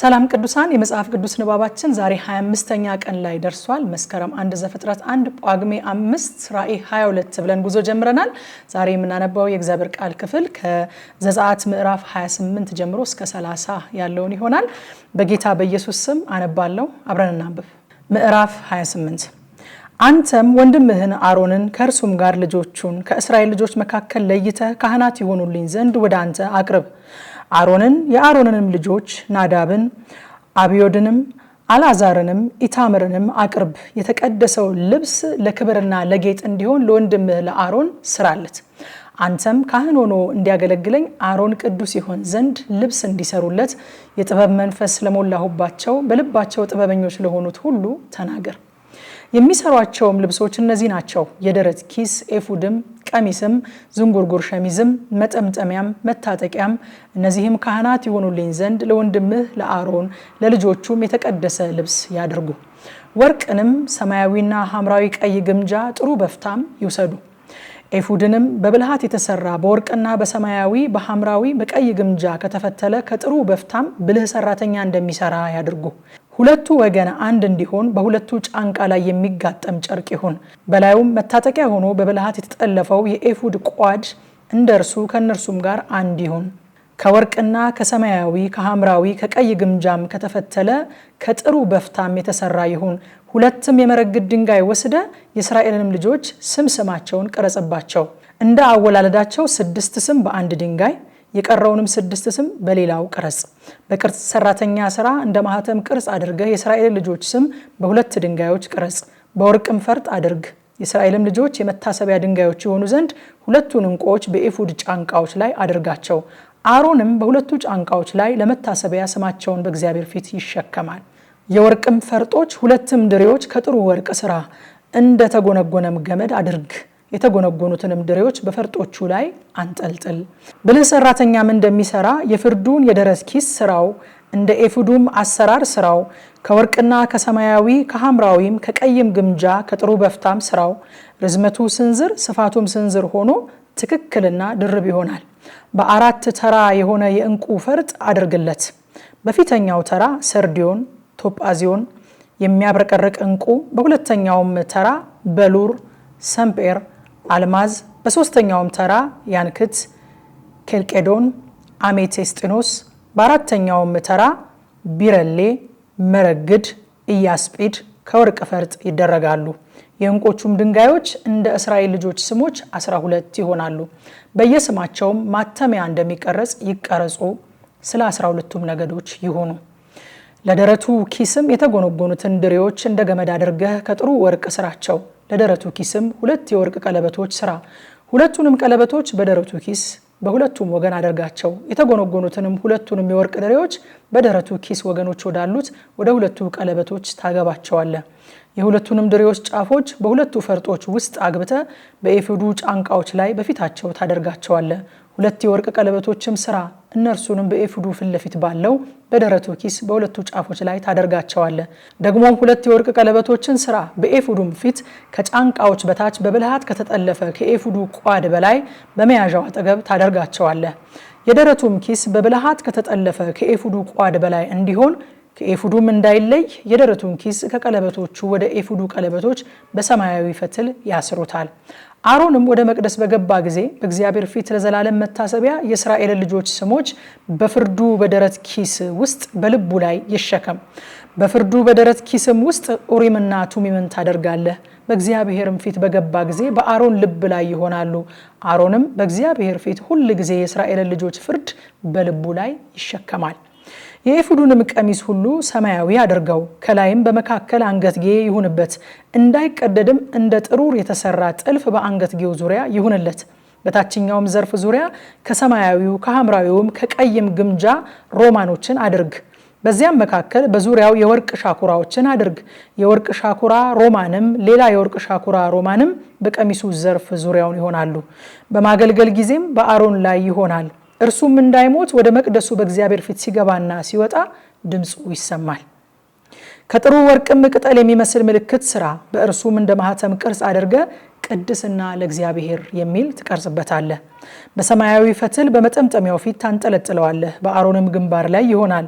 ሰላም ቅዱሳን፣ የመጽሐፍ ቅዱስ ንባባችን ዛሬ 25ኛ ቀን ላይ ደርሷል። መስከረም አንድ ዘፍጥረት አንድ ጳጉሜ አምስት ራዕይ 22 ብለን ጉዞ ጀምረናል። ዛሬ የምናነባው የእግዚአብሔር ቃል ክፍል ከዘጸአት ምዕራፍ 28 ጀምሮ እስከ 30 ያለውን ይሆናል። በጌታ በኢየሱስ ስም አነባለሁ። አብረን እናንብብ። ምዕራፍ 28 አንተም ወንድምህን አሮንን ከእርሱም ጋር ልጆቹን ከእስራኤል ልጆች መካከል ለይተህ ካህናት ይሆኑልኝ ዘንድ ወደ አንተ አቅርብ አሮንን የአሮንንም ልጆች ናዳብን፣ አብዮድንም፣ አብዮድንም፣ አላዛርንም፣ ኢታምርንም አቅርብ። የተቀደሰው ልብስ ለክብርና ለጌጥ እንዲሆን ለወንድምህ ለአሮን ስራለት። አንተም ካህን ሆኖ እንዲያገለግለኝ አሮን ቅዱስ ይሆን ዘንድ ልብስ እንዲሰሩለት የጥበብ መንፈስ ለሞላሁባቸው በልባቸው ጥበበኞች ለሆኑት ሁሉ ተናገር። የሚሰሯቸውም ልብሶች እነዚህ ናቸው። የደረት ኪስ፣ ኤፉድም፣ ቀሚስም፣ ዝንጉርጉር ሸሚዝም፣ መጠምጠሚያም፣ መታጠቂያም። እነዚህም ካህናት የሆኑልኝ ዘንድ ለወንድምህ ለአሮን ለልጆቹም የተቀደሰ ልብስ ያድርጉ። ወርቅንም፣ ሰማያዊና ሐምራዊ፣ ቀይ ግምጃ፣ ጥሩ በፍታም ይውሰዱ። ኤፉድንም በብልሃት የተሰራ በወርቅና በሰማያዊ በሐምራዊ በቀይ ግምጃ ከተፈተለ ከጥሩ በፍታም ብልህ ሰራተኛ እንደሚሰራ ያድርጉ። ሁለቱ ወገን አንድ እንዲሆን በሁለቱ ጫንቃ ላይ የሚጋጠም ጨርቅ ይሁን። በላዩም መታጠቂያ ሆኖ በብልሃት የተጠለፈው የኤፉድ ቋድ እንደ እርሱ ከእነርሱም ጋር አንድ ይሁን። ከወርቅና ከሰማያዊ ከሐምራዊ ከቀይ ግምጃም ከተፈተለ ከጥሩ በፍታም የተሰራ ይሁን። ሁለትም የመረግድ ድንጋይ ወስደ የእስራኤልንም ልጆች ስም ስማቸውን ቀረጸባቸው። እንደ አወላለዳቸው ስድስት ስም በአንድ ድንጋይ የቀረውንም ስድስት ስም በሌላው ቅረጽ። በቅርጽ ሰራተኛ ስራ እንደ ማህተም ቅርጽ አድርገህ የእስራኤል ልጆች ስም በሁለት ድንጋዮች ቅረጽ፣ በወርቅም ፈርጥ አድርግ። የእስራኤልም ልጆች የመታሰቢያ ድንጋዮች የሆኑ ዘንድ ሁለቱን ዕንቁዎች በኤፉድ ጫንቃዎች ላይ አድርጋቸው። አሮንም በሁለቱ ጫንቃዎች ላይ ለመታሰቢያ ስማቸውን በእግዚአብሔር ፊት ይሸከማል። የወርቅም ፈርጦች ሁለትም ድሬዎች ከጥሩ ወርቅ ስራ እንደ ተጎነጎነም ገመድ አድርግ። የተጎነጎኑትንም ድሬዎች በፈርጦቹ ላይ አንጠልጥል። ብልህ ሰራተኛም እንደሚሰራ የፍርዱን የደረት ኪስ ስራው እንደ ኤፉዱም አሰራር ስራው ከወርቅና ከሰማያዊ ከሐምራዊም ከቀይም ግምጃ ከጥሩ በፍታም ስራው ርዝመቱ ስንዝር ስፋቱም ስንዝር ሆኖ ትክክልና ድርብ ይሆናል። በአራት ተራ የሆነ የእንቁ ፈርጥ አድርግለት። በፊተኛው ተራ ሰርዲዮን፣ ቶጳዚዮን የሚያብረቀርቅ እንቁ፣ በሁለተኛውም ተራ በሉር፣ ሰምጴር አልማዝ፣ በሶስተኛውም ተራ ያንክት፣ ኬልቄዶን፣ አሜቴስጢኖስ፣ በአራተኛውም ተራ ቢረሌ፣ መረግድ፣ ኢያስጲድ ከወርቅ ፈርጥ ይደረጋሉ። የእንቆቹም ድንጋዮች እንደ እስራኤል ልጆች ስሞች አስራ ሁለት ይሆናሉ። በየስማቸውም ማተሚያ እንደሚቀረጽ ይቀረጹ፣ ስለ አስራ ሁለቱም ነገዶች ይሆኑ። ለደረቱ ኪስም የተጎነጎኑትን ድሬዎች እንደ ገመድ አድርገህ ከጥሩ ወርቅ ስራቸው። ለደረቱ ኪስም ሁለት የወርቅ ቀለበቶች ስራ። ሁለቱንም ቀለበቶች በደረቱ ኪስ በሁለቱም ወገን አደርጋቸው። የተጎነጎኑትንም ሁለቱንም የወርቅ ድሬዎች በደረቱ ኪስ ወገኖች ወዳሉት ወደ ሁለቱ ቀለበቶች ታገባቸዋለ። የሁለቱንም ድሬዎች ጫፎች በሁለቱ ፈርጦች ውስጥ አግብተ በኤፍዱ ጫንቃዎች ላይ በፊታቸው ታደርጋቸዋለ። ሁለት የወርቅ ቀለበቶችም ስራ እነርሱንም በኤፉዱ ፊት ለፊት ባለው በደረቱ ኪስ በሁለቱ ጫፎች ላይ ታደርጋቸዋለ። ደግሞም ሁለት የወርቅ ቀለበቶችን ስራ። በኤፉዱም ፊት ከጫንቃዎች በታች በብልሃት ከተጠለፈ ከኤፉዱ ቋድ በላይ በመያዣው አጠገብ ታደርጋቸዋለ። የደረቱም ኪስ በብልሃት ከተጠለፈ ከኤፉዱ ቋድ በላይ እንዲሆን ከኤፉዱም እንዳይለይ የደረቱን ኪስ ከቀለበቶቹ ወደ ኤፉዱ ቀለበቶች በሰማያዊ ፈትል ያስሩታል። አሮንም ወደ መቅደስ በገባ ጊዜ በእግዚአብሔር ፊት ለዘላለም መታሰቢያ የእስራኤልን ልጆች ስሞች በፍርዱ በደረት ኪስ ውስጥ በልቡ ላይ ይሸከም። በፍርዱ በደረት ኪስም ውስጥ ኡሪምና ቱሚምን ታደርጋለህ። በእግዚአብሔርም ፊት በገባ ጊዜ በአሮን ልብ ላይ ይሆናሉ። አሮንም በእግዚአብሔር ፊት ሁል ጊዜ የእስራኤልን ልጆች ፍርድ በልቡ ላይ ይሸከማል። የኤፉዱንም ቀሚስ ሁሉ ሰማያዊ አድርገው ከላይም በመካከል አንገትጌ ይሁንበት፣ እንዳይቀደድም እንደ ጥሩር የተሰራ ጥልፍ በአንገትጌው ዙሪያ ይሁንለት። በታችኛውም ዘርፍ ዙሪያ ከሰማያዊው ከሐምራዊውም ከቀይም ግምጃ ሮማኖችን አድርግ። በዚያም መካከል በዙሪያው የወርቅ ሻኩራዎችን አድርግ። የወርቅ ሻኩራ ሮማንም ሌላ የወርቅ ሻኩራ ሮማንም በቀሚሱ ዘርፍ ዙሪያውን ይሆናሉ። በማገልገል ጊዜም በአሮን ላይ ይሆናል። እርሱም እንዳይሞት ወደ መቅደሱ በእግዚአብሔር ፊት ሲገባና ሲወጣ ድምፁ ይሰማል። ከጥሩ ወርቅም ቅጠል የሚመስል ምልክት ስራ፣ በእርሱም እንደ ማህተም ቅርጽ አድርገ ቅድስና ለእግዚአብሔር የሚል ትቀርጽበታለህ። በሰማያዊ ፈትል በመጠምጠሚያው ፊት ታንጠለጥለዋለህ፣ በአሮንም ግንባር ላይ ይሆናል።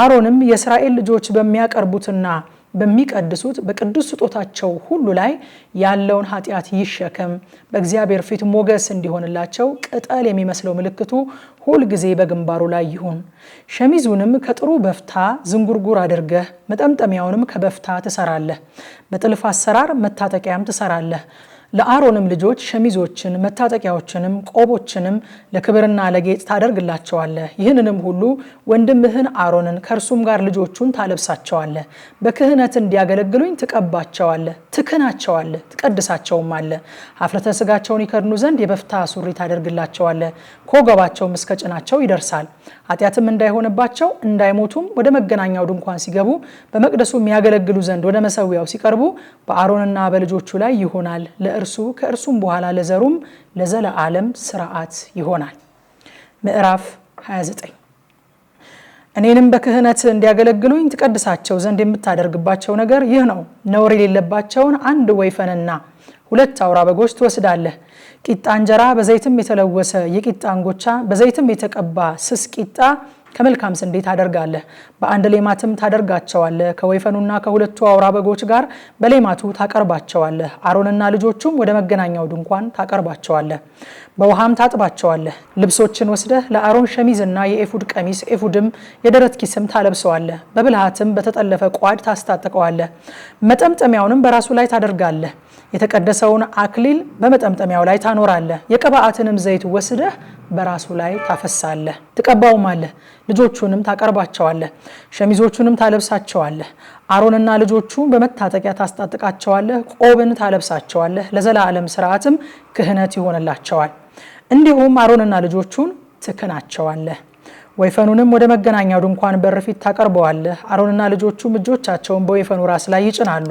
አሮንም የእስራኤል ልጆች በሚያቀርቡትና በሚቀድሱት በቅዱስ ስጦታቸው ሁሉ ላይ ያለውን ኃጢአት ይሸከም፣ በእግዚአብሔር ፊት ሞገስ እንዲሆንላቸው ቅጠል የሚመስለው ምልክቱ ሁልጊዜ በግንባሩ ላይ ይሁን። ሸሚዙንም ከጥሩ በፍታ ዝንጉርጉር አድርገህ መጠምጠሚያውንም ከበፍታ ትሰራለህ፣ በጥልፍ አሰራር መታጠቂያም ትሰራለህ። ለአሮንም ልጆች ሸሚዞችን መታጠቂያዎችንም ቆቦችንም ለክብርና ለጌጥ ታደርግላቸዋለህ። ይህንንም ሁሉ ወንድምህን አሮንን ከእርሱም ጋር ልጆቹን ታለብሳቸዋለህ። በክህነት እንዲያገለግሉኝ ትቀባቸዋለህ፣ ትክናቸዋለህ፣ ትቀድሳቸውም አለ። አፍረተ ስጋቸውን ይከድኑ ዘንድ የበፍታ ሱሪ ታደርግላቸዋለህ። ኮገባቸውም እስከ ጭናቸው ይደርሳል። ኃጢአትም እንዳይሆንባቸው እንዳይሞቱም ወደ መገናኛው ድንኳን ሲገቡ በመቅደሱ የሚያገለግሉ ዘንድ ወደ መሰዊያው ሲቀርቡ በአሮንና በልጆቹ ላይ ይሆናል ለእርሱ ከእርሱም በኋላ ለዘሩም ለዘለዓለም ስርዓት ይሆናል። ምዕራፍ 29 እኔንም በክህነት እንዲያገለግሉኝ ትቀድሳቸው ዘንድ የምታደርግባቸው ነገር ይህ ነው። ነውር የሌለባቸውን አንድ ወይፈንና ሁለት አውራ በጎች ትወስዳለህ። ቂጣ እንጀራ በዘይትም የተለወሰ የቂጣ እንጎቻ በዘይትም የተቀባ ስስ ቂጣ ከመልካም ስንዴ ታደርጋለህ፣ በአንድ ሌማትም ታደርጋቸዋለህ። ከወይፈኑና ከሁለቱ አውራ በጎች ጋር በሌማቱ ታቀርባቸዋለህ። አሮንና ልጆቹም ወደ መገናኛው ድንኳን ታቀርባቸዋለህ። በውሃም ታጥባቸዋለህ። ልብሶችን ወስደህ ለአሮን ሸሚዝና የኤፉድ ቀሚስ ኤፉድም የደረት ኪስም ታለብሰዋለህ። በብልሃትም በተጠለፈ ቋድ ታስታጥቀዋለህ። መጠምጠሚያውንም በራሱ ላይ ታደርጋለህ። የተቀደሰውን አክሊል በመጠምጠሚያው ላይ ታኖራለህ። የቅብአትንም ዘይት ወስደህ በራሱ ላይ ታፈሳለህ፣ ትቀባውማለህ። ልጆቹንም ታቀርባቸዋለህ፣ ሸሚዞቹንም ታለብሳቸዋለህ። አሮንና ልጆቹን በመታጠቂያ ታስታጥቃቸዋለህ፣ ቆብን ታለብሳቸዋለህ፣ ለዘላለም ስርዓትም ክህነት ይሆንላቸዋል። እንዲሁም አሮንና ልጆቹን ትክናቸዋለህ። ወይፈኑንም ወደ መገናኛው ድንኳን በር ፊት ታቀርበዋለህ። አሮንና ልጆቹም እጆቻቸውን በወይፈኑ ራስ ላይ ይጭናሉ።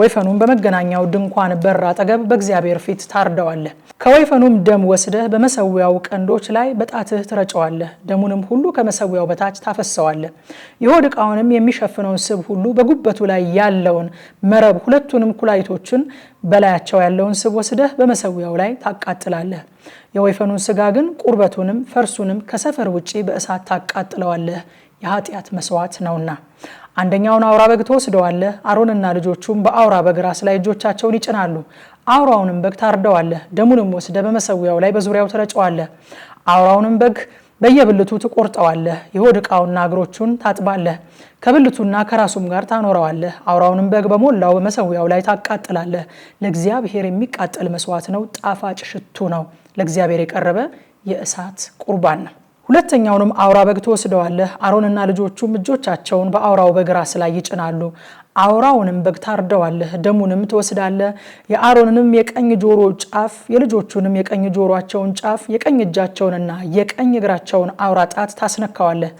ወይፈኑን በመገናኛው ድንኳን በር አጠገብ በእግዚአብሔር ፊት ታርደዋለህ። ከወይፈኑም ደም ወስደህ በመሰዊያው ቀንዶች ላይ በጣትህ ትረጨዋለህ። ደሙንም ሁሉ ከመሰዊያው በታች ታፈሰዋለህ። የሆድ ዕቃውንም የሚሸፍነውን ስብ ሁሉ፣ በጉበቱ ላይ ያለውን መረብ፣ ሁለቱንም ኩላይቶችን። በላያቸው ያለውን ስብ ወስደህ በመሰዊያው ላይ ታቃጥላለህ። የወይፈኑን ስጋ ግን ቁርበቱንም ፈርሱንም ከሰፈር ውጪ በእሳት ታቃጥለዋለህ፣ የኃጢአት መስዋዕት ነውና። አንደኛውን አውራ በግ ትወስደዋለህ። አሮንና ልጆቹም በአውራ በግ ራስ ላይ እጆቻቸውን ይጭናሉ። አውራውንም በግ ታርደዋለህ፣ ደሙንም ወስደህ በመሰዊያው ላይ በዙሪያው ትረጨዋለህ። አውራውንም በግ በየብልቱ ትቆርጠዋለህ፣ የሆድ ዕቃውና እግሮቹን ታጥባለህ፣ ከብልቱና ከራሱም ጋር ታኖረዋለህ። አውራውንም በግ በሞላው በመሰዊያው ላይ ታቃጥላለህ። ለእግዚአብሔር የሚቃጠል መስዋዕት ነው፣ ጣፋጭ ሽቱ ነው፣ ለእግዚአብሔር የቀረበ የእሳት ቁርባን ነው። ሁለተኛውንም አውራ በግ ትወስደዋለህ። አሮንና ልጆቹም እጆቻቸውን በአውራው በግ ራስ ላይ ይጭናሉ። አውራውንም በግ ታርደዋለህ፣ ደሙንም ትወስዳለህ። የአሮንንም የቀኝ ጆሮ ጫፍ፣ የልጆቹንም የቀኝ ጆሮቸውን ጫፍ፣ የቀኝ እጃቸውንና የቀኝ እግራቸውን አውራ ጣት ታስነካዋለህ።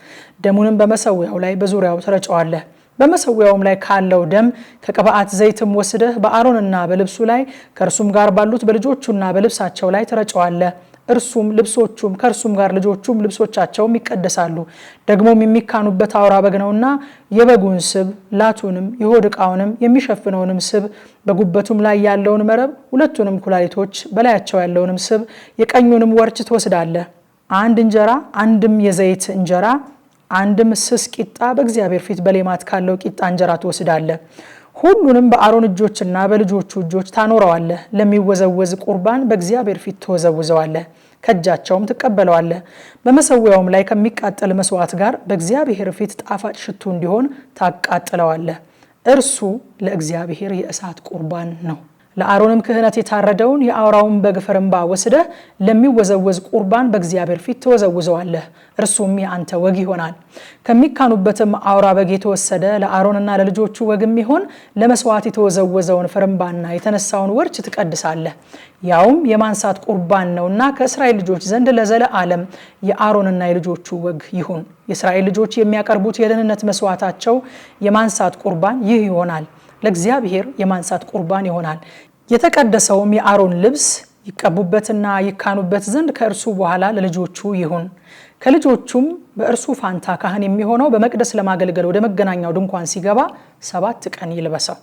ደሙንም በመሰዊያው ላይ በዙሪያው ትረጨዋለህ። በመሰዊያውም ላይ ካለው ደም ከቅብዓት ዘይትም ወስደህ በአሮንና በልብሱ ላይ ከእርሱም ጋር ባሉት በልጆቹና በልብሳቸው ላይ ትረጨዋለህ። እርሱም ልብሶቹም ከእርሱም ጋር ልጆቹም ልብሶቻቸውም ይቀደሳሉ። ደግሞም የሚካኑበት አውራ በግ ነውና የበጉን ስብ ላቱንም የሆድ ዕቃውንም የሚሸፍነውንም ስብ በጉበቱም ላይ ያለውን መረብ ሁለቱንም ኩላሊቶች በላያቸው ያለውንም ስብ የቀኙንም ወርች ትወስዳለህ። አንድ እንጀራ አንድም የዘይት እንጀራ አንድም ስስ ቂጣ በእግዚአብሔር ፊት በሌማት ካለው ቂጣ እንጀራ ትወስዳለህ። ሁሉንም በአሮን እጆችና በልጆቹ እጆች ታኖረዋለህ። ለሚወዘወዝ ቁርባን በእግዚአብሔር ፊት ትወዘውዘዋለህ፣ ከእጃቸውም ትቀበለዋለህ። በመሰዊያውም ላይ ከሚቃጠል መስዋዕት ጋር በእግዚአብሔር ፊት ጣፋጭ ሽቱ እንዲሆን ታቃጥለዋለህ። እርሱ ለእግዚአብሔር የእሳት ቁርባን ነው። ለአሮንም ክህነት የታረደውን የአውራውን በግ ፍርምባ ወስደህ ለሚወዘወዝ ቁርባን በእግዚአብሔር ፊት ትወዘውዘዋለህ፣ እርሱም የአንተ ወግ ይሆናል። ከሚካኑበትም አውራ በግ የተወሰደ ለአሮንና ለልጆቹ ወግም ይሆን ለመስዋዕት የተወዘወዘውን ፍርምባና የተነሳውን ወርች ትቀድሳለህ። ያውም የማንሳት ቁርባን ነውና ከእስራኤል ልጆች ዘንድ ለዘለ ዓለም የአሮንና የልጆቹ ወግ ይሁን። የእስራኤል ልጆች የሚያቀርቡት የደህንነት መስዋዕታቸው የማንሳት ቁርባን ይህ ይሆናል። ለእግዚአብሔር የማንሳት ቁርባን ይሆናል። የተቀደሰውም የአሮን ልብስ ይቀቡበትና ይካኑበት ዘንድ ከእርሱ በኋላ ለልጆቹ ይሁን። ከልጆቹም በእርሱ ፋንታ ካህን የሚሆነው በመቅደስ ለማገልገል ወደ መገናኛው ድንኳን ሲገባ ሰባት ቀን ይልበሰው።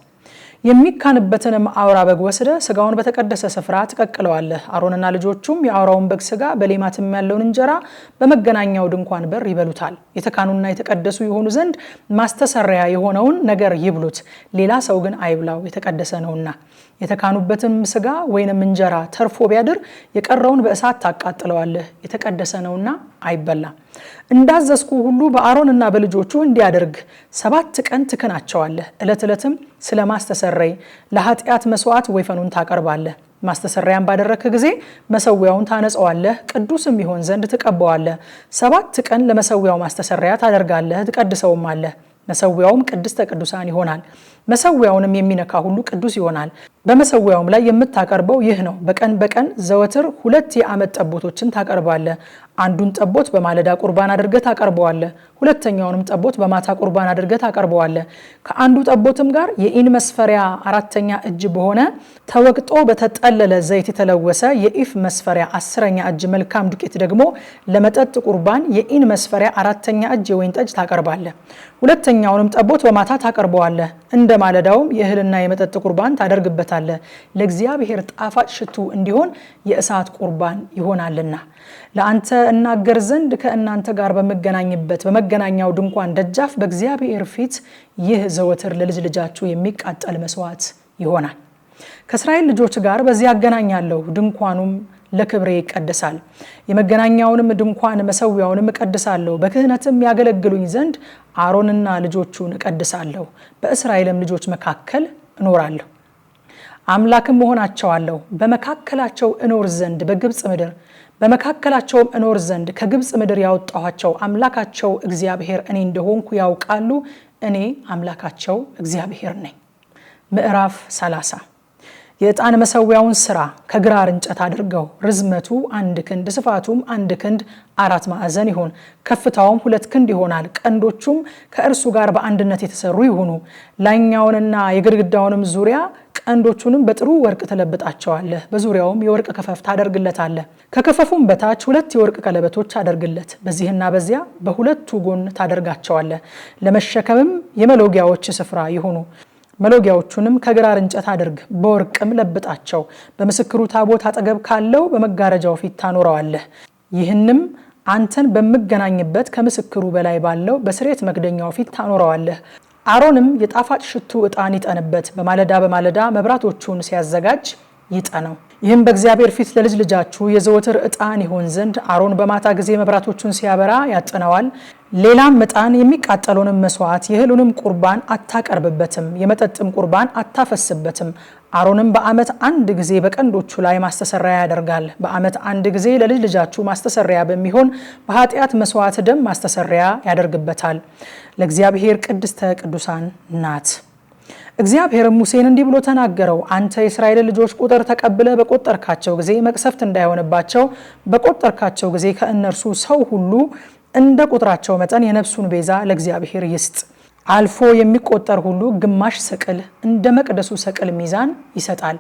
የሚካንበትንም አውራ በግ ወስደ ስጋውን በተቀደሰ ስፍራ ትቀቅለዋለህ። አሮንና ልጆቹም የአውራውን በግ ስጋ በሌማትም ያለውን እንጀራ በመገናኛው ድንኳን በር ይበሉታል። የተካኑና የተቀደሱ የሆኑ ዘንድ ማስተሰሪያ የሆነውን ነገር ይብሉት፣ ሌላ ሰው ግን አይብላው፣ የተቀደሰ ነውና። የተካኑበትም ስጋ ወይንም እንጀራ ተርፎ ቢያድር የቀረውን በእሳት ታቃጥለዋለህ፣ የተቀደሰ ነውና አይበላ እንዳዘዝኩ ሁሉ በአሮንና በልጆቹ እንዲያደርግ ሰባት ቀን ትክናቸዋለህ። ዕለት ዕለትም ስለ ማስተሰረይ ለኃጢአት መስዋዕት ወይፈኑን ታቀርባለህ። ማስተሰሪያን ባደረክ ጊዜ መሰዊያውን ታነጸዋለህ፣ ቅዱስም ይሆን ዘንድ ትቀባዋለህ። ሰባት ቀን ለመሰዊያው ማስተሰሪያ ታደርጋለህ፣ ትቀድሰውማለህ። መሰዊያውም ቅድስተ ቅዱሳን ይሆናል። መሰዊያውንም የሚነካ ሁሉ ቅዱስ ይሆናል። በመሰዊያውም ላይ የምታቀርበው ይህ ነው። በቀን በቀን ዘወትር ሁለት የአመት ጠቦቶችን ታቀርባለህ። አንዱን ጠቦት በማለዳ ቁርባን አድርገህ ታቀርበዋለህ። ሁለተኛውንም ጠቦት በማታ ቁርባን አድርገህ ታቀርበዋለህ። ከአንዱ ጠቦትም ጋር የኢን መስፈሪያ አራተኛ እጅ በሆነ ተወቅጦ በተጠለለ ዘይት የተለወሰ የኢፍ መስፈሪያ አስረኛ እጅ መልካም ዱቄት ደግሞ ለመጠጥ ቁርባን የኢን መስፈሪያ አራተኛ እጅ የወይን ጠጅ ታቀርባለህ። ሁለተኛውንም ጠቦት በማታ ታቀርበዋለህ እንደ በየማለዳውም የእህልና የመጠጥ ቁርባን ታደርግበታለ ለእግዚአብሔር ጣፋጭ ሽቱ እንዲሆን የእሳት ቁርባን ይሆናልና። ለአንተ እናገር ዘንድ ከእናንተ ጋር በምገናኝበት በመገናኛው ድንኳን ደጃፍ በእግዚአብሔር ፊት ይህ ዘወትር ለልጅ ልጃችሁ የሚቃጠል መስዋዕት ይሆናል። ከእስራኤል ልጆች ጋር በዚያ አገናኛለሁ ድንኳኑም ለክብሬ ይቀድሳል። የመገናኛውንም ድንኳን መሰዊያውንም እቀድሳለሁ፣ በክህነትም ያገለግሉኝ ዘንድ አሮንና ልጆቹን እቀድሳለሁ፣ በእስራኤልም ልጆች መካከል እኖራለሁ፣ አምላክም እሆናቸዋለሁ። በመካከላቸው እኖር ዘንድ በግብፅ ምድር በመካከላቸውም እኖር ዘንድ ከግብፅ ምድር ያወጣኋቸው አምላካቸው እግዚአብሔር እኔ እንደሆንኩ ያውቃሉ። እኔ አምላካቸው እግዚአብሔር ነኝ። ምዕራፍ 30 የዕጣን መሰዊያውን ስራ ከግራር እንጨት አድርገው ርዝመቱ አንድ ክንድ ስፋቱም አንድ ክንድ አራት ማዕዘን ይሁን፣ ከፍታውም ሁለት ክንድ ይሆናል። ቀንዶቹም ከእርሱ ጋር በአንድነት የተሰሩ ይሁኑ። ላይኛውንና የግድግዳውንም ዙሪያ ቀንዶቹንም በጥሩ ወርቅ ትለብጣቸዋለህ። በዙሪያውም የወርቅ ክፈፍ ታደርግለታለህ። ከክፈፉም በታች ሁለት የወርቅ ቀለበቶች አደርግለት፣ በዚህና በዚያ በሁለቱ ጎን ታደርጋቸዋለህ። ለመሸከምም የመሎጊያዎች ስፍራ ይሁኑ። መሎጊያዎቹንም ከግራር እንጨት አድርግ፣ በወርቅም ለብጣቸው። በምስክሩ ታቦት አጠገብ ካለው በመጋረጃው ፊት ታኖረዋለህ። ይህንም አንተን በምገናኝበት ከምስክሩ በላይ ባለው በስሬት መክደኛው ፊት ታኖረዋለህ። አሮንም የጣፋጭ ሽቱ ዕጣን ይጠንበት። በማለዳ በማለዳ መብራቶቹን ሲያዘጋጅ ይጠነው። ይህም በእግዚአብሔር ፊት ለልጅ ልጃችሁ የዘወትር ዕጣን ይሆን ዘንድ አሮን በማታ ጊዜ መብራቶቹን ሲያበራ ያጥነዋል። ሌላም ዕጣን የሚቃጠለውንም መስዋዕት የእህሉንም ቁርባን አታቀርብበትም፣ የመጠጥም ቁርባን አታፈስበትም። አሮንም በዓመት አንድ ጊዜ በቀንዶቹ ላይ ማስተሰሪያ ያደርጋል። በዓመት አንድ ጊዜ ለልጅ ልጃችሁ ማስተሰሪያ በሚሆን በኃጢአት መስዋዕት ደም ማስተሰሪያ ያደርግበታል። ለእግዚአብሔር ቅድስተ ቅዱሳን ናት። እግዚአብሔር ሙሴን እንዲህ ብሎ ተናገረው፣ አንተ የእስራኤል ልጆች ቁጥር ተቀብለ በቆጠርካቸው ጊዜ መቅሰፍት እንዳይሆንባቸው በቆጠርካቸው ጊዜ ከእነርሱ ሰው ሁሉ እንደ ቁጥራቸው መጠን የነፍሱን ቤዛ ለእግዚአብሔር ይስጥ። አልፎ የሚቆጠር ሁሉ ግማሽ ሰቅል እንደ መቅደሱ ሰቅል ሚዛን ይሰጣል።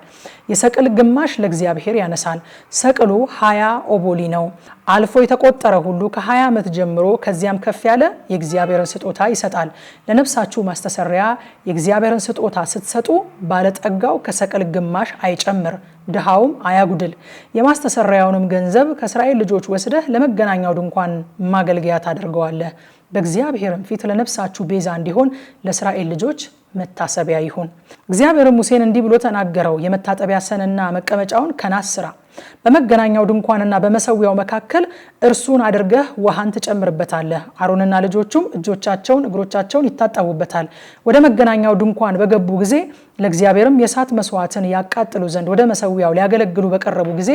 የሰቅል ግማሽ ለእግዚአብሔር ያነሳል። ሰቅሉ ሀያ ኦቦሊ ነው። አልፎ የተቆጠረ ሁሉ ከ20 ዓመት ጀምሮ ከዚያም ከፍ ያለ የእግዚአብሔርን ስጦታ ይሰጣል። ለነፍሳችሁ ማስተሰሪያ የእግዚአብሔርን ስጦታ ስትሰጡ ባለጠጋው ከሰቅል ግማሽ አይጨምር፣ ድሃውም አያጉድል። የማስተሰሪያውንም ገንዘብ ከእስራኤል ልጆች ወስደህ ለመገናኛው ድንኳን ማገልገያ ታደርገዋለህ። በእግዚአብሔርም ፊት ለነፍሳችሁ ቤዛ እንዲሆን ለእስራኤል ልጆች መታሰቢያ ይሁን። እግዚአብሔርም ሙሴን እንዲህ ብሎ ተናገረው። የመታጠቢያ ሰንና መቀመጫውን ከናስ ስራ፣ በመገናኛው ድንኳንና በመሰዊያው መካከል እርሱን አድርገህ ውሃን ትጨምርበታለህ። አሮንና ልጆቹም እጆቻቸውን እግሮቻቸውን ይታጠቡበታል። ወደ መገናኛው ድንኳን በገቡ ጊዜ ለእግዚአብሔርም የእሳት መስዋዕትን ያቃጥሉ ዘንድ ወደ መሰዊያው ሊያገለግሉ በቀረቡ ጊዜ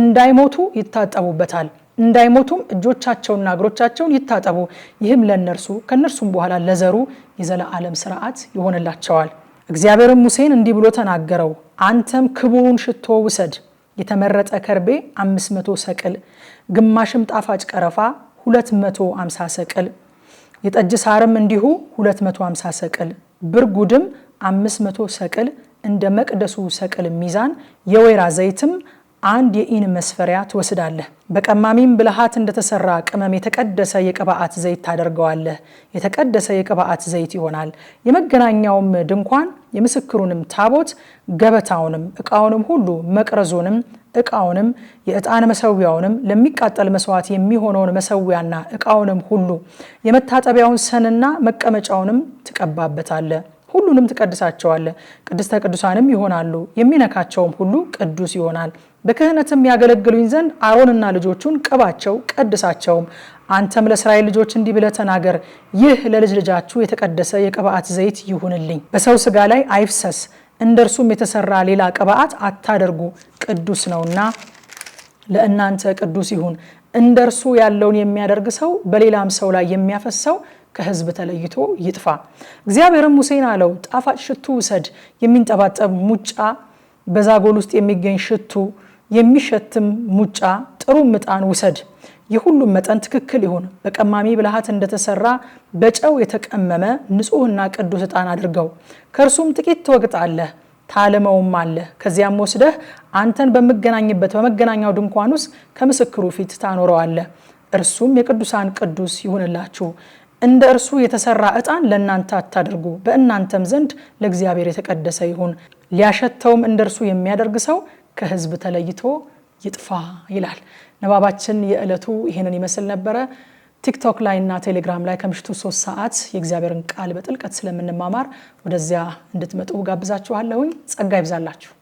እንዳይሞቱ ይታጠቡበታል። እንዳይሞቱም እጆቻቸውና እግሮቻቸውን ይታጠቡ። ይህም ለእነርሱ ከእነርሱም በኋላ ለዘሩ የዘላዓለም ስርዓት ይሆንላቸዋል። እግዚአብሔርም ሙሴን እንዲህ ብሎ ተናገረው። አንተም ክቡሩን ሽቶ ውሰድ፣ የተመረጠ ከርቤ 500 ሰቅል፣ ግማሽም ጣፋጭ ቀረፋ 250 ሰቅል፣ የጠጅ ሳርም እንዲሁ 250 ሰቅል፣ ብርጉድም 500 ሰቅል እንደ መቅደሱ ሰቅል ሚዛን፣ የወይራ ዘይትም አንድ የኢን መስፈሪያ ትወስዳለህ። በቀማሚም ብልሃት እንደተሰራ ቅመም የተቀደሰ የቅብዓት ዘይት ታደርገዋለህ። የተቀደሰ የቅብዓት ዘይት ይሆናል። የመገናኛውም ድንኳን የምስክሩንም ታቦት ገበታውንም እቃውንም ሁሉ መቅረዙንም እቃውንም የእጣን መሰዊያውንም ለሚቃጠል መስዋዕት የሚሆነውን መሰዊያና እቃውንም ሁሉ የመታጠቢያውን ሰንና መቀመጫውንም ትቀባበታለህ። ሁሉንም ትቀድሳቸዋለህ፣ ቅድስተ ቅዱሳንም ይሆናሉ። የሚነካቸውም ሁሉ ቅዱስ ይሆናል። በክህነትም ያገለግሉኝ ዘንድ አሮንና ልጆቹን ቅባቸው፣ ቀድሳቸውም። አንተም ለእስራኤል ልጆች እንዲህ ብለህ ተናገር፣ ይህ ለልጅ ልጃችሁ የተቀደሰ የቅብዓት ዘይት ይሁንልኝ። በሰው ስጋ ላይ አይፍሰስ፣ እንደ እርሱም የተሰራ ሌላ ቅብዓት አታደርጉ፣ ቅዱስ ነውና ለእናንተ ቅዱስ ይሁን። እንደ እርሱ ያለውን የሚያደርግ ሰው በሌላም ሰው ላይ የሚያፈሰው ከህዝብ ተለይቶ ይጥፋ። እግዚአብሔርም ሙሴን አለው፣ ጣፋጭ ሽቱ ውሰድ፣ የሚንጠባጠብ ሙጫ፣ በዛጎል ውስጥ የሚገኝ ሽቱ፣ የሚሸትም ሙጫ፣ ጥሩ ዕጣን ውሰድ። የሁሉም መጠን ትክክል ይሁን። በቀማሚ ብልሃት እንደተሰራ በጨው የተቀመመ ንጹሕና ቅዱስ ዕጣን አድርገው። ከእርሱም ጥቂት ትወቅጣለህ ታለመውም አለ። ከዚያም ወስደህ አንተን በምገናኝበት በመገናኛው ድንኳን ውስጥ ከምስክሩ ፊት ታኖረዋለህ። እርሱም የቅዱሳን ቅዱስ ይሁንላችሁ። እንደ እርሱ የተሰራ ዕጣን ለእናንተ አታድርጉ፣ በእናንተም ዘንድ ለእግዚአብሔር የተቀደሰ ይሁን። ሊያሸተውም እንደ እርሱ የሚያደርግ ሰው ከሕዝብ ተለይቶ ይጥፋ ይላል። ንባባችን የዕለቱ ይህንን ይመስል ነበረ። ቲክቶክ ላይ እና ቴሌግራም ላይ ከምሽቱ ሶስት ሰዓት የእግዚአብሔርን ቃል በጥልቀት ስለምንማማር ወደዚያ እንድትመጡ ጋብዛችኋለሁኝ። ጸጋ ይብዛላችሁ።